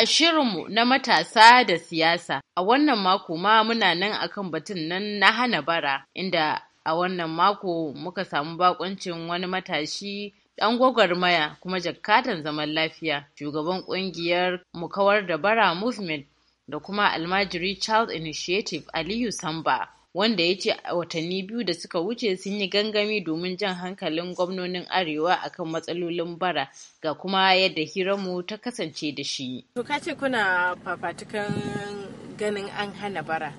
A shirinmu na matasa da siyasa, a wannan mako ma muna nan akan batun nan na hana bara, inda a wannan mako muka samu bakoncin wani matashi ɗan gwagwarmaya kuma jakatan zaman lafiya, shugaban ƙungiyar kawar da bara movement da kuma almajiri Child Initiative Aliyu Samba. wanda ya ce watanni biyu da suka wuce sun yi gangami domin jan hankalin gwamnonin arewa akan matsalolin bara ga kuma yadda hiranmu ta kasance da shi. To ka ce kuna fafatukan ganin an hana bara.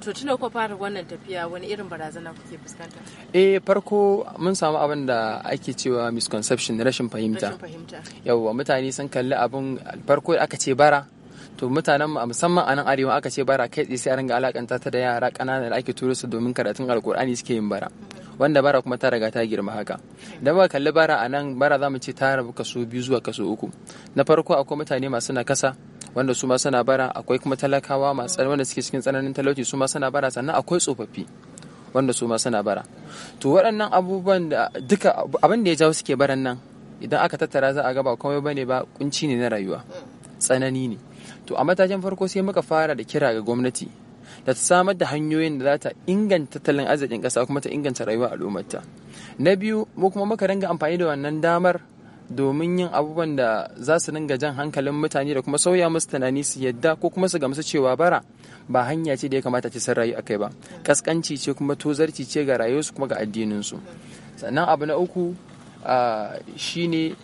To tuna ku fara wannan tafiya wani irin barazana kuke fuskanta? Eh farko mun samu abin da ake cewa misconception rashin fahimta. Rashin fahimta. Yawwa mutane sun kalli abin farko aka ce bara to mutanen mu musamman a nan arewa aka ce bara kai sai a ringa alakanta ta da yara kanana da ake turo su domin karatun alkur'ani suke yin bara wanda bara kuma ta riga ta girma haka idan ba kalli bara a nan bara za mu ce ta rabu kaso biyu zuwa kaso uku na farko akwai mutane masu nakasa wanda su ma suna bara akwai kuma talakawa masu wanda suke cikin tsananin talauci su ma suna bara sannan akwai tsofaffi wanda su ma suna bara to waɗannan abubuwan da duka abin da ya jawo suke baran nan idan aka tattara za a ga ba komai bane ba kunci ne na rayuwa tsanani ne to a matakin farko sai muka fara da kira ga gwamnati da ta samar da hanyoyin da za ta inganta tattalin arzikin ƙasa kuma ta inganta rayuwa al'ummarta na biyu mu kuma muka ringa amfani da wannan damar domin yin abubuwan da za su dinga jan hankalin mutane da kuma sauya musu tunani su yadda ko kuma su gamsu cewa bara ba hanya ce da ya kamata ci sun rayu a kai ba kaskanci ce kuma tozarci ce ga rayuwarsu kuma ga addininsu sannan abu na uku ah, shine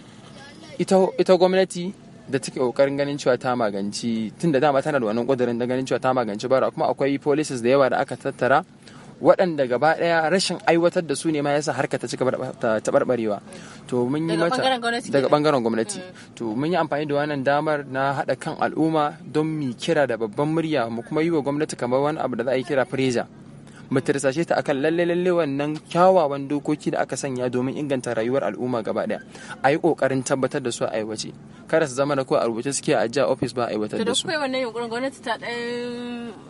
ita gwamnati da take kokarin ganin cewa ta maganci tun da dama tana da wannan kudirin da ganin cewa ta maganci bara kuma akwai policies da yawa da aka tattara waɗanda gaba ɗaya rashin aiwatar da su ne ma yasa harka ta cika taɓarɓarewa to mun yi mata daga ɓangaren gwamnati mm. to mun yi amfani da wannan damar na haɗa kan al'umma don mi kira da babban murya mu kuma yi wa gwamnati kamar wani abu da za a yi kira pressure mu tirsashe ta akan lalle lalle wannan kyawawan dokoki da aka sanya domin inganta rayuwar al'umma gaba daya a yi kokarin tabbatar da su a aiwace kada su zama da ko a rubuce suke a ajiya ofis ba a aiwatar da su. Da wannan yunkurin gwamnati ta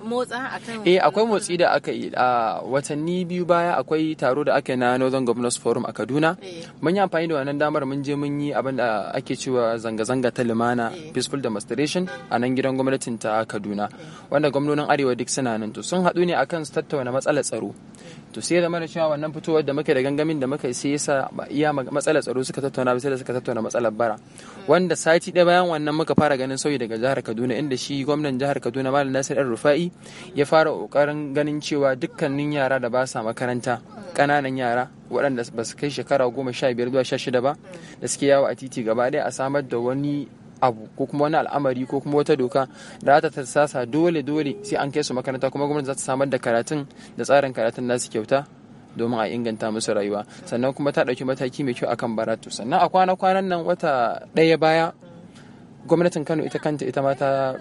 motsa akan. Eh akwai motsi da aka yi a watanni biyu baya akwai taro da aka yi na Northern Governors Forum a Kaduna. Eh. Mun yi amfani da wannan damar mun je mun yi abin da ake cewa zanga-zanga ta limana eh. peaceful demonstration a nan gidan gwamnatin ta Kaduna. Eh. Wanda gwamnonin Arewa duk suna nan to sun haɗu ne akan su tattauna matsalar tsaro to sai zama da cewa wannan fitowar da muke da gangamin da muka sai yasa iya matsalar tsaro suka tattauna bisa da suka tattauna matsalar bara wanda sati ɗaya bayan wannan muka fara ganin sauyi daga jihar Kaduna inda shi gwamnan jihar Kaduna Malam Nasir Ar-Rufa'i ya fara kokarin ganin cewa dukkanin yara da ba sa makaranta ƙananan yara waɗanda ba su kai shekara goma sha biyar zuwa sha shida ba da suke yawo a titi gaba ɗaya a samar da wani abu ko kuma wani al'amari ko kuma wata doka da za ta tasasa dole dole sai an kai su makaranta kuma gwamnati za ta samar da karatun da tsarin karatun nasu kyauta domin a inganta musu rayuwa sannan kuma ta ɗauki mataki mai kyau akan baratu sannan a kwana kwanan nan wata ɗaya baya gwamnatin kano ita kanta ita ma ta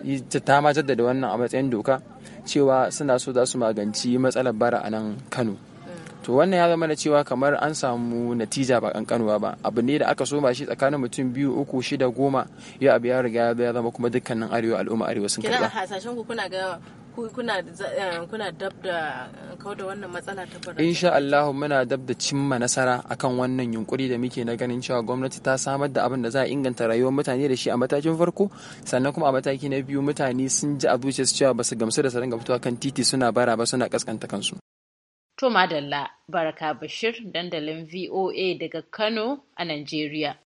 ma jaddada wannan a matsayin doka cewa suna so za su maganci matsalar bara a nan kano to wannan ya zama da cewa kamar an samu natija ba kankanuwa ba abu ne da aka soma shi tsakanin mutum biyu uku shida goma ya abu ya riga ya zama kuma dukkanin arewa al'umma arewa sun karba hasashen ku kuna eh, dab da eh, kauda matsala ta insha Allah muna dab da cimma nasara akan wannan yunkuri da muke na ganin cewa gwamnati ta samar da abin da za a inganta rayuwar mutane da shi a matakin farko sannan kuma a mataki na biyu mutane sun ji a zuciyarsu cewa ba su gamsu da su dinga fitowa kan titi suna bara ba suna kaskanta kansu To Madalla, Baraka Bashir, dandalin VOA daga Kano a Najeriya.